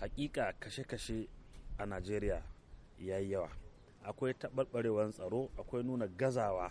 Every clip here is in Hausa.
hakika kashe-kashe a najeriya ya yi yawa akwai taɓarɓarewar tsaro akwai nuna gazawa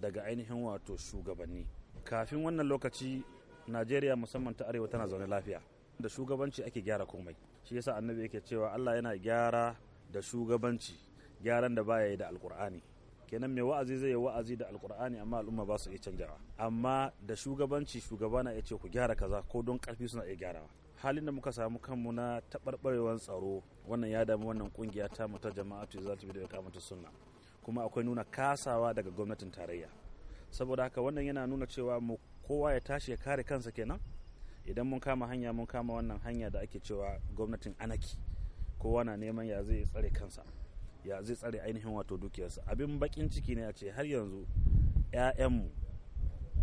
daga ainihin wato shugabanni kafin wannan lokaci najeriya musamman ta arewa tana zaune lafiya da shugabanci ake gyara komai shi yasa annabi yake cewa allah yana gyara da shugabanci gyaran da baya yi da alkur'ani kenan mai wa'azi zai yi wa'azi da alkur'ani amma al'umma ba su iya canjawa amma da shugabanci shugaba na iya ce ku gyara kaza ko don karfi suna iya gyarawa halin da muka samu kanmu na taɓarɓarewar tsaro wannan ya damu wannan kungiya ta mutar jama'a tu za ta bi da kamata sunna kuma akwai nuna kasawa daga gwamnatin tarayya saboda haka wannan yana nuna cewa mu kowa ya tashi ya kare kansa kenan idan mun kama hanya mun kama wannan hanya da ake cewa gwamnatin anaki kowa na neman ya zai tsare kansa ya zai tsare ainihin wato dukiyarsa abin bakin ciki ne a ce har yanzu 'ya'yanmu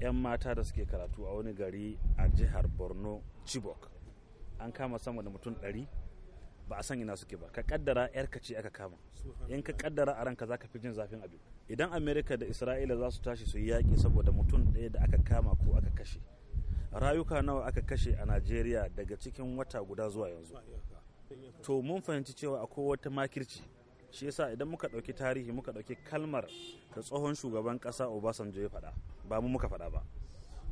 'yan mata da suke karatu a wani gari a jihar borno chibok an kama sama da mutum ɗari ba a san ina suke ba ka kaddara yar ce aka kama in ka kaddara a ranka zaka fi jin zafin abin idan amerika da isra'ila za su tashi su yi yaƙi saboda mutum ɗaya da aka kama ko aka kashe rayuka nawa aka kashe a najeriya daga cikin wata guda zuwa yanzu to mun fahimci cewa akwai wata makirci shi yasa idan muka ɗauki tarihi muka ɗauki kalmar da tsohon shugaban kasa obasanjo ya faɗa ba mu muka faɗa ba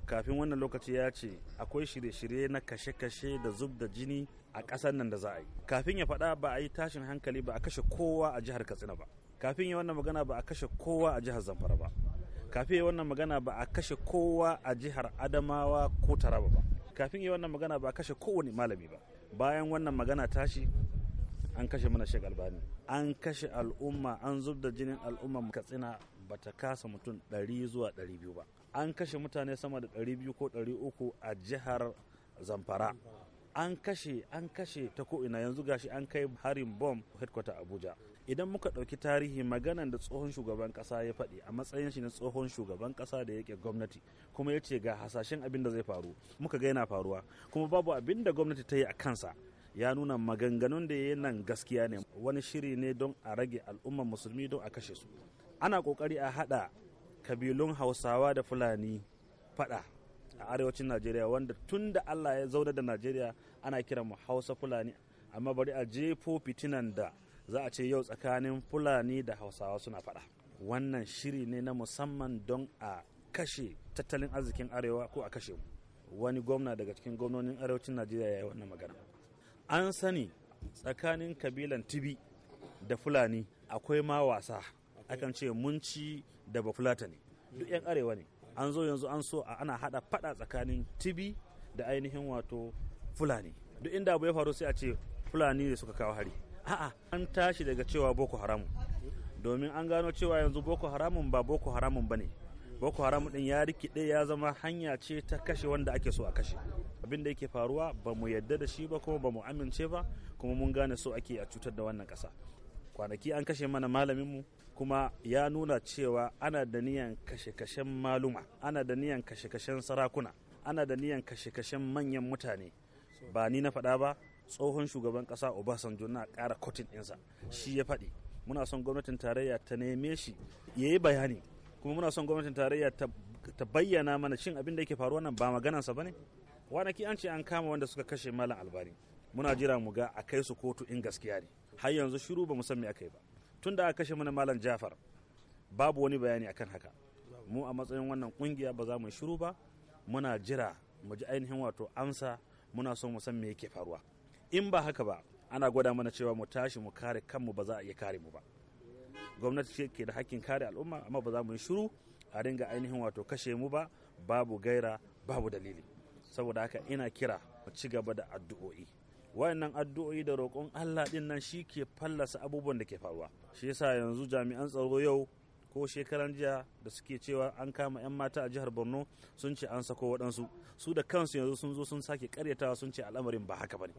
kafin wannan lokaci ya ce akwai shirye-shirye na kashe-kashe da zub da jini a ƙasar nan da za a yi kafin ya faɗa ba a yi tashin hankali ba a kashe kowa a jihar katsina ba kafin ya wannan magana ba a kashe kowa a jihar zamfara ba kafin ya wannan magana ba a kashe kowa a jihar adamawa ko taraba ba kafin ya wannan magana ba a kashe kowane malami ba bayan wannan magana tashi an kashe mana shek albani an kashe al'umma an zub da jinin al'umma katsina ba ta kasa mutum 100 zuwa 200 ba an kashe mutane sama da 200 ko 300 a jihar zamfara an kashe an kashe ta ko'ina yanzu gashi an kai harin bom headquarter abuja idan muka ɗauki tarihi maganan da tsohon shugaban ƙasa ya faɗi a matsayin shi na tsohon shugaban ƙasa da yake gwamnati kuma ya ce ga hasashen abin da zai faru muka ga yana faruwa kuma babu abin da gwamnati ta yi a kansa ya nuna maganganun da ya nan gaskiya ne wani shiri ne don a rage al'ummar musulmi don a kashe su ana kokari a hada kabilun hausawa da fulani fada a arewacin najeriya wanda tun da allah ya zauna da najeriya ana kiran mu hausa fulani amma bari a jefo fitinan da za a ce yau tsakanin fulani da hausawa suna fada wannan shiri ne na musamman don a kashe tattalin arzikin arewa ko a kashe mu wani gwamna daga cikin gwamnonin arewacin najeriya ya yi wannan magana an sani tsakanin kabilan tibi da fulani akwai ma wasa akan ce munci da bafulata ne duk 'yan arewa ne an zo yanzu an so a ana hada fada tsakanin tibi da ainihin wato fulani duk inda abu ya faru sai a ce fulani da suka kawo hari a'a an tashi daga cewa boko haramun domin an gano cewa yanzu boko haramun ba boko haramun bane boko haram din ya rikide ya zama hanya ce ta kashe wanda ake so a kashe abin da yake faruwa ba mu yadda da shi ba kuma ba mu amince ba kuma mun gane so ake a cutar da wannan kasa kwanaki an kashe mana malamin mu kuma ya nuna cewa ana da niyan kashe-kashen maluma ana da niyan kashe-kashen sarakuna ana da niyan kashe-kashen manyan mutane ba ni na faɗa ba tsohon shugaban ƙasa obasanjo na kara kotin ɗinsa shi ya faɗi muna son gwamnatin tarayya ta neme shi ya yi bayani kuma muna son gwamnatin tarayya ta bayyana mana shin abin da yake faruwa nan ba maganansa ba ne kwanaki an ce an kama wanda suka kashe malam albani muna jira mu ga a kai su kotu in gaskiya ne har yanzu shiru ba mu san me aka yi ba tun da aka kashe mana malam jafar babu wani bayani akan haka mu a matsayin wannan kungiya ba za mu shiru ba muna jira mu ji ainihin wato amsa muna son mu san me yake faruwa in ba haka ba ana gwada mana cewa mu tashi mu kare kanmu ba za a iya kare mu ba gwamnati ce ke da hakkin kare al'umma amma ba za mu yi shiru a ringa ainihin wato kashe mu ba babu gaira babu dalili saboda haka ina kira mu ci gaba da addu'o'i wayannan addu'o'i da roƙon Allah din nan shi ke fallasa abubuwan da ke faruwa shi yasa yanzu jami'an tsaro yau ko shekaran jiya da suke cewa an kama 'yan mata a jihar borno sun ce an sako waɗansu su da kansu yanzu sun zo sun sake karyatawa sun ce al'amarin ba haka bane